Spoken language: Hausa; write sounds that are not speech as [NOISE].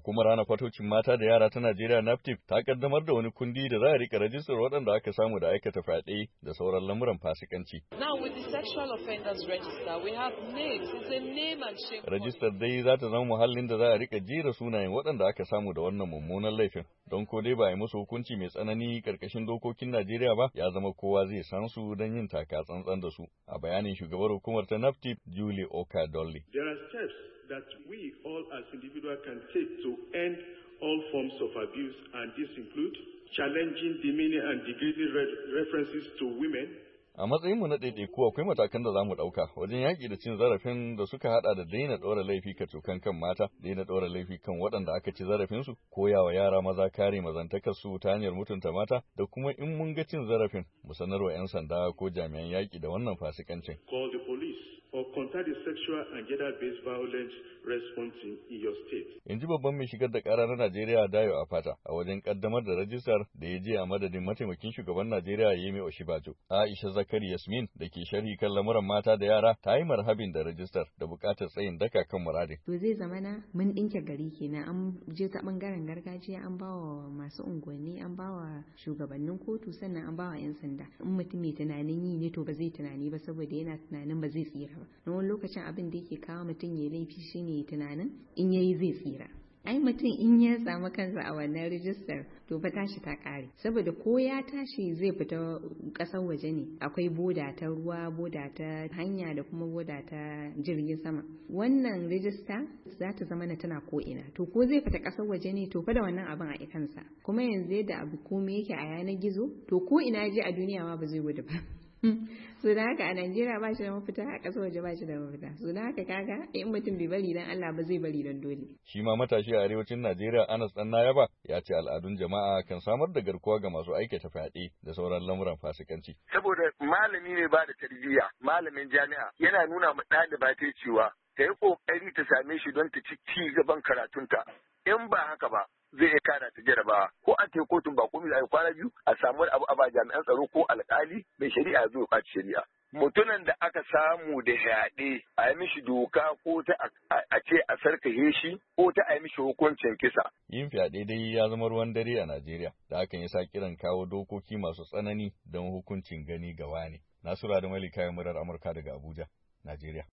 Hukumar hana fatocin mata da yara ta Najeriya NAFTIP ta kaddamar da wani kundi da za a rika rajistar waɗanda aka samu da aikata fyaɗe da sauran lamuran fasikanci. Rajistar dai za ta zama muhallin da za a rika jera sunayen waɗanda aka samu da wannan mummunan laifin. Don ko dai ba a yi musu hukunci mai tsanani ƙarƙashin dokokin Najeriya ba, ya zama kowa zai san su don yin taka tsantsan da su. A bayanin shugabar hukumar ta NAFTIP, Julie Oka Dolly. that we all as individuals can take to end all forms of abuse, and this includes challenging demeaning and degrading re references to women. A matsayinmu na ɗaiɗaiku akwai matakan da za mu ɗauka wajen yaƙi da cin zarafin da suka haɗa da daina ɗora laifi ka cokan kan mata, daina ɗora laifi kan waɗanda aka ci zarafinsu, koyawa yara maza kare mazantakarsu ta hanyar mutunta mata da kuma in mun ga cin zarafin mu sanarwa 'yan sanda ko jami'an yaƙi da wannan fasikancin. Call the police or contact the sexual and gender-based violence response in your state. In ji babban mai shigar da ƙara na Najeriya a Afata a wajen ƙaddamar da rajistar da ya je a madadin mataimakin shugaban Najeriya Yemi Oshibajo. Aisha Zakari Yasmin da ke sharhi kan lamuran mata da yara ta yi marhabin da rajistar da bukatar tsayin daka kan muradin. To zai zamana mun ɗinke gari kenan an je ta bangaren gargajiya an bawa masu unguwanni an ba wa shugabannin kotu sannan an bawa 'yan sanda. In mutum mai tunanin yi ne to ba zai tunani ba saboda yana tunanin ba zai tsira ba. don wani lokacin abin da yake kawo mutum ya laifi ne tunanin in yayi zai tsira ai mutum in ya samu kansa a wannan rijistar to fa tashi ta kare saboda ko ya tashi zai fita kasar waje ne akwai boda ta ruwa boda ta hanya da kuma boda ta jirgin sama wannan rijista za ta zama na tana ko ina to ko zai fita kasar waje ne to fa da wannan abin a ikansa. kuma yanzu yadda abu komai yake a yanar gizo to ko ina je a duniya ma ba zai gudu ba suna [LAUGHS] haka a Najeriya ba shi da mafita a ƙasar waje ba shi da mafita suna haka kaga in mutum bai bari dan Allah ba zai bari dan dole shi ma matashi a arewacin Najeriya Anas dan ba ya ce al'adun jama'a kan samar da garkuwa ga masu aikata fyaɗe da sauran lamuran fasikanci saboda malami ne ba da tarbiyya malamin jami'a yana nuna ma ɗaliba ta cewa ta yi ƙoƙari ta same shi don ta ci gaban karatunta in ba haka ba zai iya kana ta jarabawa ko an tafi kotun ba komai zai kwana biyu a samu abu a ba jami'an tsaro ko alkali mai shari'a zai kwaci shari'a Mutunan da aka samu da yaɗe a yi mishi doka ko ta a ce a sarkahe shi ko ta a yi mishi hukuncin kisa. Yin fyaɗe dai ya zama ruwan dare a Najeriya da hakan yi sa kiran kawo dokoki masu tsanani don hukuncin gani gawa ne. Nasura da Malika murar Amurka daga Abuja, Najeriya.